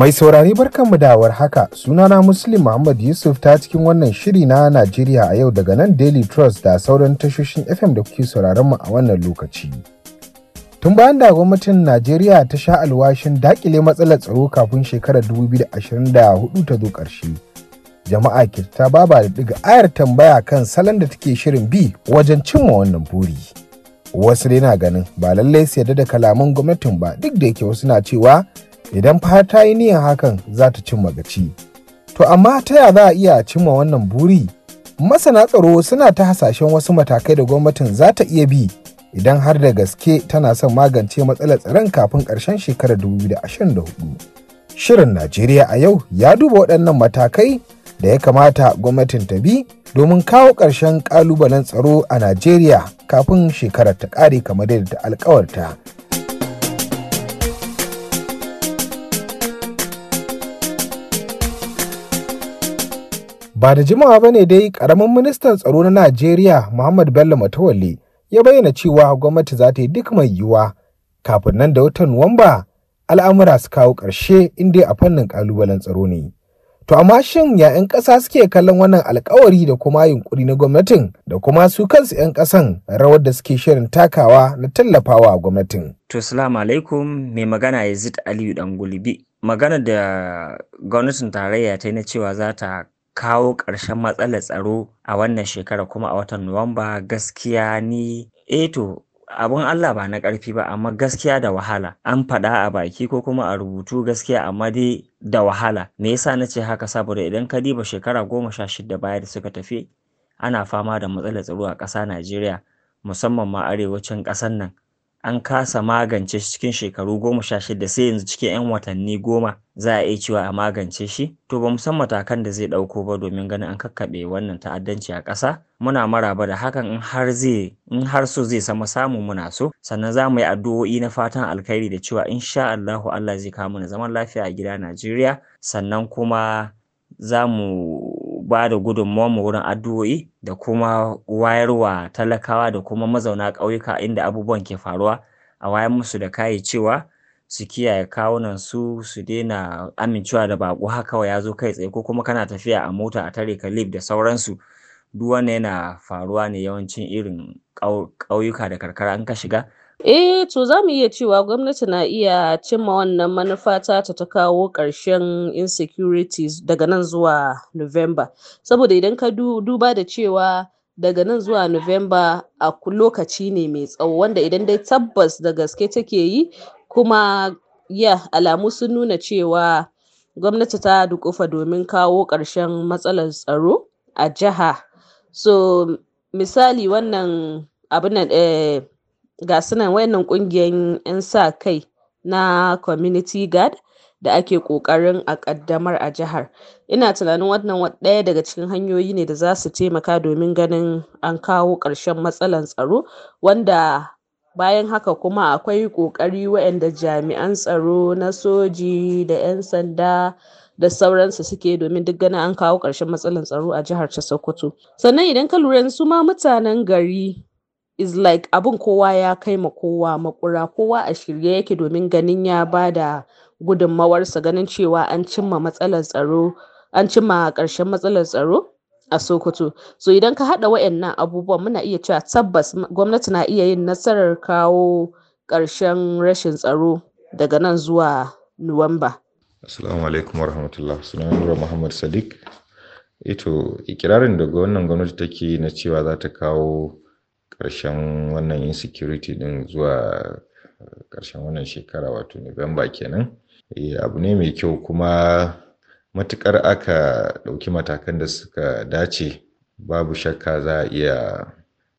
Mai saurari barkan mu da haka sunana Muslim Muhammad Yusuf ta cikin wannan shiri na Najeriya a yau daga nan Daily Trust da sauran tashoshin FM da kuke sauraron mu a wannan lokaci. Tun bayan da gwamnatin Najeriya ta sha alwashin dakile matsalar tsaro kafin shekarar 2024 ta zo ƙarshe. Jama'a ke ta baba da diga ayar tambaya kan salon da take shirin bi wajen cimma wannan buri. Wasu dai na ganin ba lallai su yarda da kalaman gwamnatin ba duk da yake wasu na cewa idan fa ta yi niyan hakan za ta cimma gaci. To amma ta ya za a iya cimma wannan buri? Masana tsaro suna ta hasashen wasu matakai da gwamnatin za ta iya bi idan har da gaske tana son magance matsalar tsaron kafin ƙarshen shekarar 2024. Shirin Najeriya a yau ya duba waɗannan matakai da ya kamata gwamnatin ta bi domin kawo ƙarshen ƙalubalen tsaro a Najeriya kafin shekarar ta ƙare kamar yadda ta alƙawarta. Ba da jimawa ba ne dai ƙaramin ministan tsaro na Najeriya Muhammad Bello Matawalle ya bayyana cewa gwamnati za ta yi duk mai yiwuwa kafin nan da watan Nuwamba al'amura su kawo ƙarshe inda a fannin ƙalubalen tsaro ne. To amma shin ya 'yan ƙasa suke kallon wannan alkawari da kuma yunƙuri na gwamnatin da kuma su kansu 'yan ƙasan rawar da suke shirin takawa na tallafawa gwamnatin. To salamu alaikum mai magana Yazid Aliyu Dangulbi. Magana da gwamnatin tarayya ta yi na cewa za ta kawo ƙarshen matsalar tsaro a wannan shekara kuma a watan Nuwamba gaskiya ni eto eh to abun Allah ba na ƙarfi ba amma gaskiya da wahala an faɗa a baki ko kuma a rubutu gaskiya amma dai da wahala me yasa na ce haka saboda idan ka diba shekara goma sha shida baya da suka tafi ana fama da matsalar tsaro a ƙasa Najeriya musamman ma arewacin ƙasar nan an kasa magance cikin shekaru goma sha shida sai yanzu cikin 'yan watanni goma za a iya cewa a magance shi to ba san matakan da zai ɗauko ba domin ganin an kakkaɓe wannan ta'addanci a ƙasa muna maraba da hakan in har zai in har so zai sama samu muna so sannan za mu yi addu'o'i na fatan alkhairi da cewa insha Allahu Allah zai kawo mana zaman lafiya a gida Najeriya sannan kuma za mu ba da mu wurin addu'o'i da kuma wayarwa talakawa da kuma mazauna ƙauyuka inda abubuwan ke faruwa a wayar musu da kayi cewa su kiyaye kawunan su su daina amincewa da baƙo haka kawai ya zo kai tsaye ko kuma kana tafiya a mota a tare ka lif da sauransu duk wannan yana faruwa ne yawancin irin ƙauyuka da karkara an ka shiga eh to za mu iya cewa gwamnati na iya cimma wannan manufa ta ta kawo ƙarshen insecurities daga nan zuwa november saboda idan ka duba da cewa daga nan zuwa november a lokaci ne mai tsawo wanda idan dai tabbas da gaske take yi Kuma ya alamu sun nuna cewa gwamnati ta dukufa domin kawo ƙarshen matsalar tsaro a jiha So, misali wannan abinan nan eh, ga su wannan waɗannan 'yan sa-kai na Community Guard da ake ƙoƙarin a ƙaddamar a jihar. Ina tunanin wannan ɗaya daga cikin hanyoyi ne da za su taimaka domin ganin an kawo ƙarshen matsalar tsaro wanda Bayan haka kuma akwai ƙoƙari waɗanda jami'an tsaro na soji da 'yan sanda da sauransu suke domin duk ganin an kawo ƙarshen matsalar tsaro a jihar ta Sokoto. Sannan idan ka lura su ma mutanen gari is like abin kowa ya kai ma kowa makura kowa a shirye yake domin ganin ya ba da gudunmawarsa ganin cewa an cimma matsalar tsaro an cimma ƙarshen matsalar tsaro a Sokoto. So idan ka haɗa wayannan abubuwan muna iya cewa tabbas gwamnati na iya yin nasarar kawo ƙarshen rashin tsaro daga nan zuwa Nuwamba. Assalamu alaikum warahmatullah. nura Muhammad Sadiq. Ito eh ikirarin da wannan gwamnati take na cewa za ta kawo ƙarshen wannan insecurity din zuwa ƙarshen wannan shekara wato Nuwamba kenan. Eh, abu ne mai kyau kuma matuƙar aka ɗauki matakan da suka dace babu shakka za a iya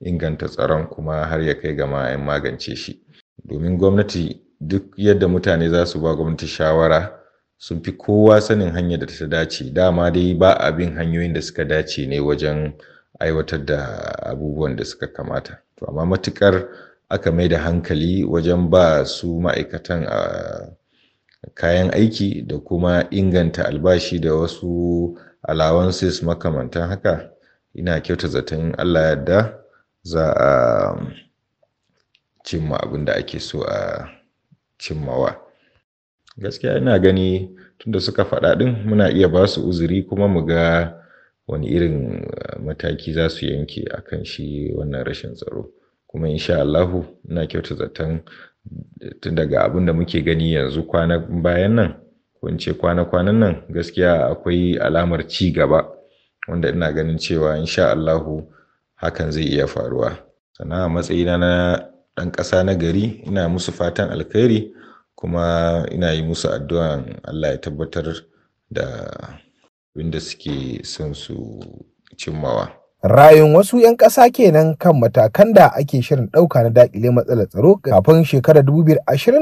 inganta tsaron kuma har ya kai gama 'yan magance shi domin gwamnati duk yadda mutane za su ba gwamnati shawara sun fi kowa sanin hanyar da ta dace dama dai ba abin hanyoyin da suka dace ne wajen aiwatar da abubuwan da suka kamata to amma matukar aka mai da hankali wajen ba su ma'aikatan a ah, kayan aiki da kuma inganta albashi da wasu allowances makamantan haka. Ina kyauta zaton Allah ya da za a cimma abin da ake so a cimmawa. Gaskiya ina gani tunda suka faɗa ɗin muna iya ba su uzuri kuma mu ga wani irin eh, mataki za su yanke akan shi wannan rashin tsaro. Kuma insha Allahu ina kyauta zaton tun daga abin da muke gani yanzu kwana bayan nan ko ce kwana kwanan nan gaskiya akwai alamar ci gaba wanda ina ganin cewa insha Allahu hakan zai iya faruwa. Sana'a a matsayina na ɗan ƙasa na gari ina musu fatan alkhairi kuma ina yi musu addu'an Allah ya tabbatar da abin suke son su cimmawa. rayun wasu 'yan ƙasa kenan kan matakan da ake shirin ɗauka na daƙile matsalar tsaro kafin shekarar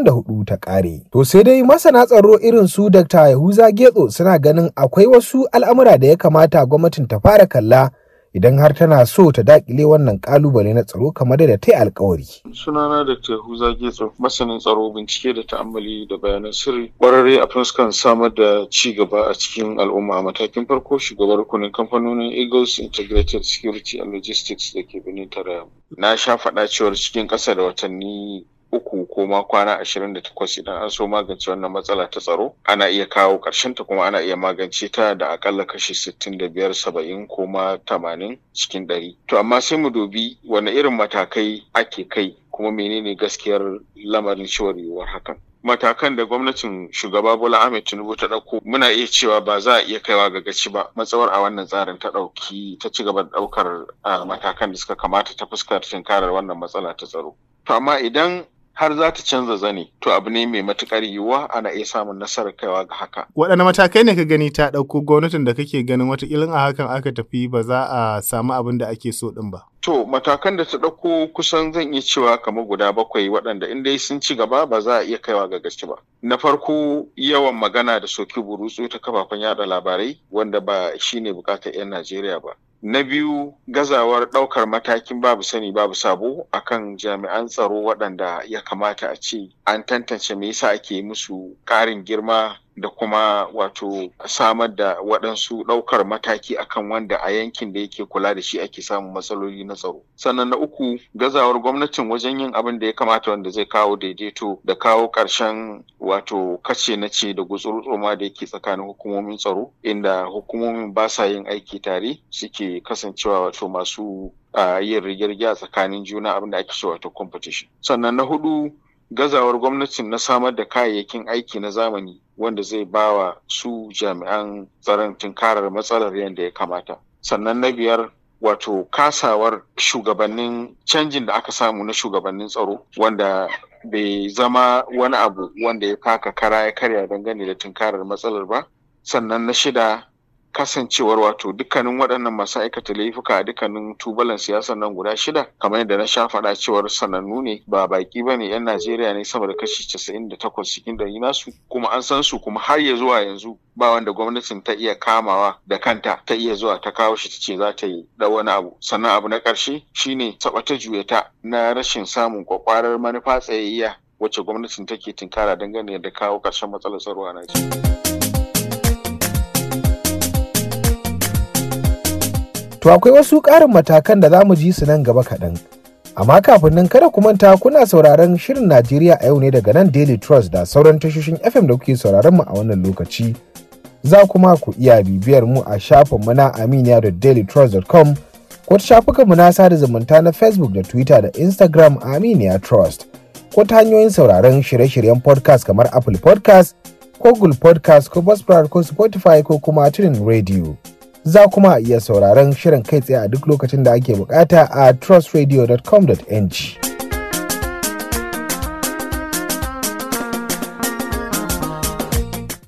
hudu ta ƙare. To sai dai masana tsaro irin su Dr. Yahuza Getso suna ganin akwai wasu al'amura da ya kamata gwamnatin ta fara kalla idan har tana so ta dakile wannan kalubale na tsaro kamar da ta yi alkawari. Sunana da ta Yahuza Getso masanin tsaro bincike da ta'ammali da bayanan sirri kwararre a fuskan samar da ci gaba a cikin al'umma a matakin farko shugabar rukunin kamfanonin Eagles Integrated Security and Logistics da ke Benin Tarayya. Na sha faɗa cewar cikin ƙasa da watanni koma kwana 28 idan an so magance wannan matsala ta tsaro ana iya kawo ƙarshen ta kuma ana iya magance ta da akalla kashi 65 70 ko 80 cikin 100 to amma sai mu dubi wani irin matakai ake kai kuma menene gaskiyar lamarin cewar yiwuwar hakan matakan da gwamnatin shugaba Bola Ahmed Tinubu ta ɗauko muna iya cewa ba za a iya kaiwa ga gaci ba matsawar a wannan tsarin ta ɗauki ta ci gaba da ɗaukar ah, matakan da suka kamata ta fuskar shinkarar wannan matsala ta tsaro. To amma idan har za ta canza zani, to abu ne mai matukar yiwuwa ana iya samun nasarar kaiwa ga haka. Waɗanne matakai ne ka gani ta ɗauko gwamnatin da kake ganin wata watakilin a hakan aka tafi ba za a samu abin da ake so ɗin ba? To matakan da ta ɗauko kusan zan iya cewa kamar guda bakwai waɗanda in dai sun ci gaba ba za a iya kaiwa ga gaske ba. Na farko yawan magana da soki burutsu ta kafafen yada labarai wanda ba shine bukatar 'yan Najeriya ba. na biyu gazawar ɗaukar matakin babu sani babu sabo akan jami'an tsaro waɗanda ya kamata a ce an tantance me yasa ake musu ƙarin girma da kuma wato samar da waɗansu ɗaukar mataki akan wanda a yankin da yake kula da shi ake samun matsaloli na tsaro. Sannan na uku gazawar gwamnatin wajen yin abin da ya kamata wanda zai kawo daidaito da kawo ƙarshen wato kace na ce da gutsurtsoma da yake tsakanin hukumomin tsaro inda hukumomin ba sa yin aiki tare suke kasancewa wato masu yin yin a tsakanin juna abin da ake cewa wato competition. Sannan na hudu gazawar gwamnatin na samar da kayayyakin aiki na zamani wanda zai ba wa su jami'an tsaron tunkarar matsalar yadda ya kamata sannan na biyar wato kasawar shugabannin canjin da aka samu na shugabannin tsaro wanda bai zama wani abu wanda ya kaka kara ya karya dangane da tunkarar matsalar ba sannan na shida kasancewar wato dukkanin waɗannan masu aikata laifuka a dukkanin tubalan siyasa nan guda shida kamar yadda na sha faɗa cewar sanannu ne ba baƙi ba ne 'yan najeriya ne sama da kashi casa'in da takwas cikin ɗari nasu kuma an san su kuma har ya zuwa yanzu ba wanda gwamnatin ta iya kamawa da kanta ta iya zuwa ta kawo shi ta ce za ta yi da wani abu sannan abu na ƙarshe shine taɓa ta juyata na rashin samun kwakwarar manufa tsayayya wacce gwamnatin take tinkara dangane da kawo ƙarshen matsalar tsaro a Najeriya. To akwai wasu ƙarin matakan da za mu ji su nan gaba kaɗan. Amma kafin nan kada ku manta kuna sauraron shirin Najeriya a yau ne daga nan Daily Trust da sauran tashoshin FM da kuke sauraron mu a wannan lokaci. Za kuma ku iya bibiyar mu a shafin mu na aminiya.dailytrust.com ko ta shafukan mu na sada zumunta na Facebook da Twitter da Instagram Aminiya Trust ko ta hanyoyin sauraron shirye-shiryen podcast kamar Apple Podcast Google Podcast ko Buzzsprout ko Spotify ko kuma Tunin Radio. za kuma iya sauraron shirin kai tsaye a duk lokacin da ake bukata a trustradio.com.ng.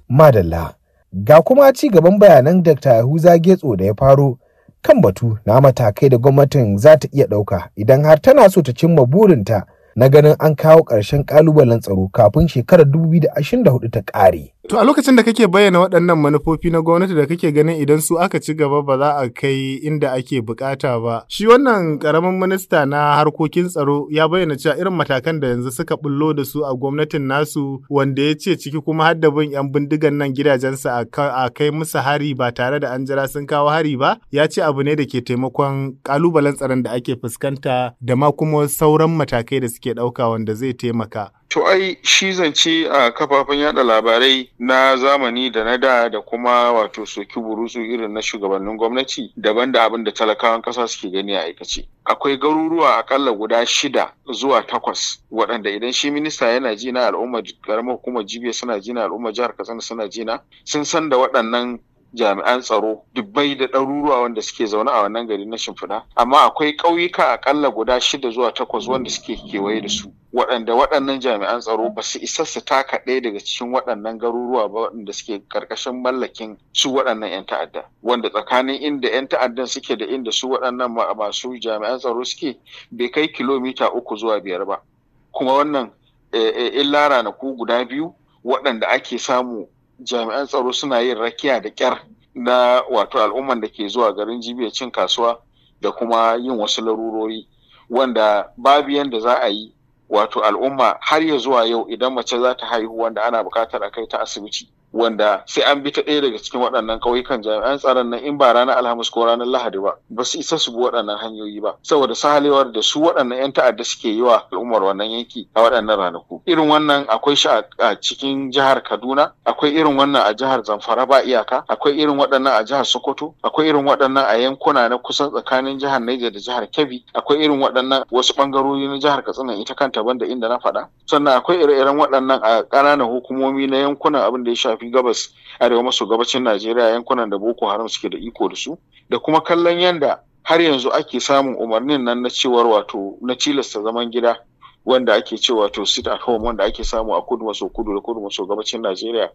Madalla, ga kuma ci gaban bayanan Dr. Yahuza Getso da ya faro kan batu na matakai da gwamnatin za ta iya ɗauka idan har tana so ta cimma burinta na ganin an kawo ƙarshen ƙalubalen tsaro kafin shekarar 2024 ta ƙare. To a lokacin da kake bayyana waɗannan manufofi na gwamnati da kake ganin idan su aka ci gaba ba za a kai inda ake bukata ba. Shi wannan ƙaramin minista na harkokin tsaro ya bayyana cewa irin matakan da yanzu suka bullo da su a gwamnatin nasu wanda ya ce ciki kuma hadda bin 'yan bindigan nan gidajensa a kai musu hari ba tare da an jira sun kawo hari ba ya ce abu ne da ke taimakon kalubalen tsaron da ake fuskanta da ma kuma sauran matakai da suke ɗauka wanda zai taimaka. To ai shi zance a kafafen yada labarai na zamani da na da da kuma wato soki burutsu irin na shugabannin gwamnati daban da abin da talakawan kasa suke gani a aikace. Akwai garuruwa akalla guda shida zuwa takwas waɗanda idan shi minista yana jina, al'ummar karamar hukumar jibiya suna jina, al'ummar jihar Katsina suna jina, sun san da waɗannan jami'an tsaro dubbai da ɗaruruwa wanda suke zaune a wannan gari na shimfiɗa amma akwai ƙauyuka akalla guda shida zuwa takwas wanda suke kewaye da su waɗanda waɗannan jami'an tsaro ba su isa su taka ɗaya daga cikin waɗannan garuruwa ba waɗanda suke ƙarƙashin mallakin su waɗannan 'yan ta'adda wanda tsakanin inda 'yan ta'addan suke da inda su waɗannan masu jami'an tsaro suke bai kai kilomita uku zuwa biyar ba kuma wannan eh, eh, illa ranaku guda biyu waɗanda ake samu jami'an tsaro suna yin rakiya da kyar na wato al'umman da ke zuwa garin jibiya cin kasuwa da kuma yin wasu larurori wanda babu yadda za a yi wato al'umma har ya zuwa yau idan mace za ta haihu wanda ana bukatar a kai ta asibiti wanda sai an bi ta ɗaya daga cikin waɗannan ƙauyukan jami'an tsaron nan in ba ranar alhamis ko ranar lahadi ba ba su isa su bi waɗannan hanyoyi ba saboda sahalewar da su waɗannan 'yan ta'adda suke yi wa al'ummar wannan yanki a waɗannan ranaku irin wannan akwai shi a cikin jihar kaduna akwai irin wannan a jihar zamfara ba iyaka akwai irin waɗannan a jihar sokoto akwai irin waɗannan a yankuna na kusan tsakanin jihar niger da jihar kebbi akwai irin waɗannan wasu ɓangarori na jihar katsina ita kanta banda inda na faɗa sannan akwai ire-iren waɗannan a ƙananan hukumomi na yankunan abin da ya shafi shafi gabas arewa maso gabacin najeriya yankunan da boko haram suke da iko da su da kuma kallon yanda har yanzu ake samun umarnin nan na cewar wato na cilasta zaman gida wanda ake ce wato sit at home wanda ake samu a kudu maso kudu da kudu maso gabacin najeriya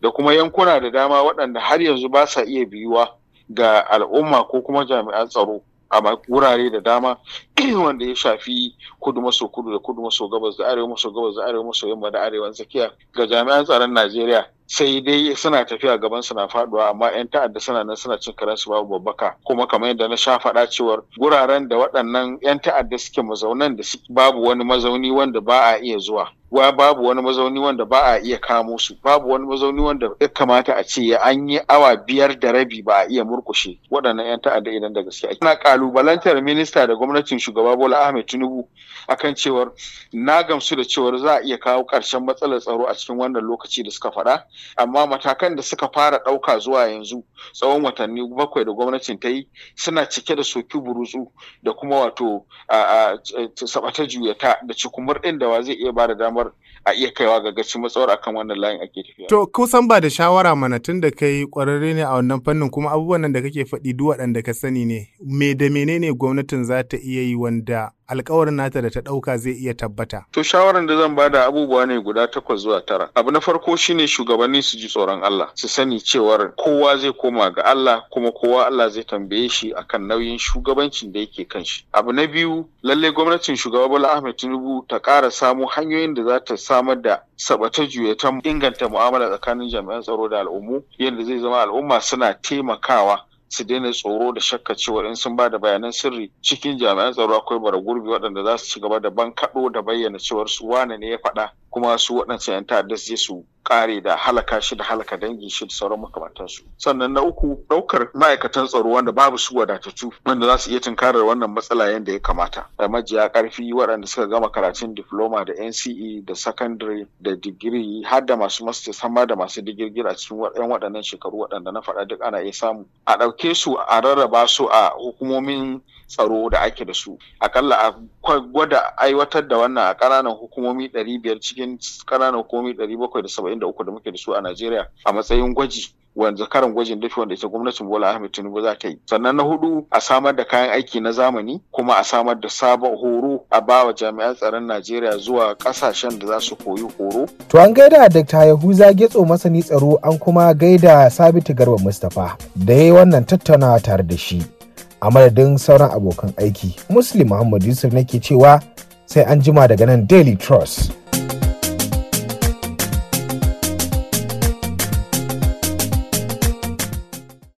da kuma yankuna da dama waɗanda har yanzu ba sa iya biyuwa ga al'umma ko kuma jami'an tsaro a wurare da dama wanda ya shafi kudu maso kudu da kudu maso gabas da arewa maso gabas da arewa maso yamma da arewa tsakiya ga jami'an tsaron najeriya sai dai suna tafiya gaban suna faduwa amma 'yan ta'adda suna nan suna cin su babu babbaka kuma kamar yadda na sha faɗa cewar guraren da waɗannan 'yan ta'adda suke mazaunan da babu wani mazauni wanda ba a iya zuwa wa babu wani mazauni wanda ba a iya kamo su babu wani mazauni wanda ya kamata a ce an yi awa biyar da rabi ba a iya murkushe waɗannan 'yan ta'adda idan da gaske ake. Na kalubalantar minista da gwamnatin shugaba Bola Ahmed Tinubu akan cewar na gamsu da cewar za a iya kawo ƙarshen matsalar tsaro a cikin wannan lokaci da suka faɗa amma matakan da suka fara ɗauka zuwa yanzu tsawon watanni bakwai da gwamnatin ta yi suna cike da soki burutsu da kuma wato sabata juyata da cikumar ɗin da wa zai iya ba da damar a iya kaiwa ga gaci matsawar akan wannan layin ake tafiya. To kusan ba da shawara mana tun da kai ƙwararre ne a wannan fannin kuma abubuwan da kake faɗi duk waɗanda ka sani ne me da menene gwamnatin za ta iya yi wanda alkawarin nata da ta ɗauka zai iya tabbata. To shawaran da zan bada abubuwa ne guda takwas zuwa tara. Abu na farko shine shugabanni su ji tsoron Allah, su sani cewar kowa zai koma ga Allah kuma kowa Allah zai tambaye shi akan nauyin shugabancin da yake kan shi. Abu na biyu lalle gwamnatin shugaba Bola Ahmed Tinubu ta ƙara samo hanyoyin da za ta samar da sabata juyatan inganta mu'amala tsakanin jami'an tsaro da al'ummu yadda zai zama al'umma suna taimakawa su daina tsoro da shakka cewa in sun ba da bayanan sirri cikin jami'an tsaro akwai bara gurbi waɗanda za su ci gaba da kaɗo da bayyana cewar su wane ne ya faɗa kuma su waɗancan 'yan ta'adda su je su kare da halaka shi da halaka dangi shi da sauran makamantansu sannan na uku ɗaukar ma'aikatan tsaro wanda babu su wadatattu wanda za su iya tunkarar wannan matsala yadda ya kamata da majiya ƙarfi waɗanda suka gama karatun diploma da nce da secondary da digiri har da masu masters har da masu digirgir a cikin yan waɗannan shekaru waɗanda na faɗa duk ana iya samu a ɗauke su a rarraba su a hukumomin tsaro da ake da su akalla a gwada aiwatar da wannan a ƙananan hukumomi ɗari biyar cikin cikin ƙananan komi 773 da muke da su a Najeriya a matsayin gwaji wanda karin gwajin dafi wanda ita gwamnatin Bola Ahmed Tinubu za ta yi. Sannan na hudu a samar da kayan aiki na zamani kuma a samar da sabon horo a bawa jami'an tsaron Najeriya zuwa kasashen da za su koyi horo. To an gaida Dr. Yahuza Getso masani tsaro an kuma gaida Sabitu Garba Mustapha da ya yi wannan tattaunawa tare da shi. A madadin sauran abokan aiki, Muslim Muhammad Yusuf nake cewa sai an jima daga nan Daily Trust.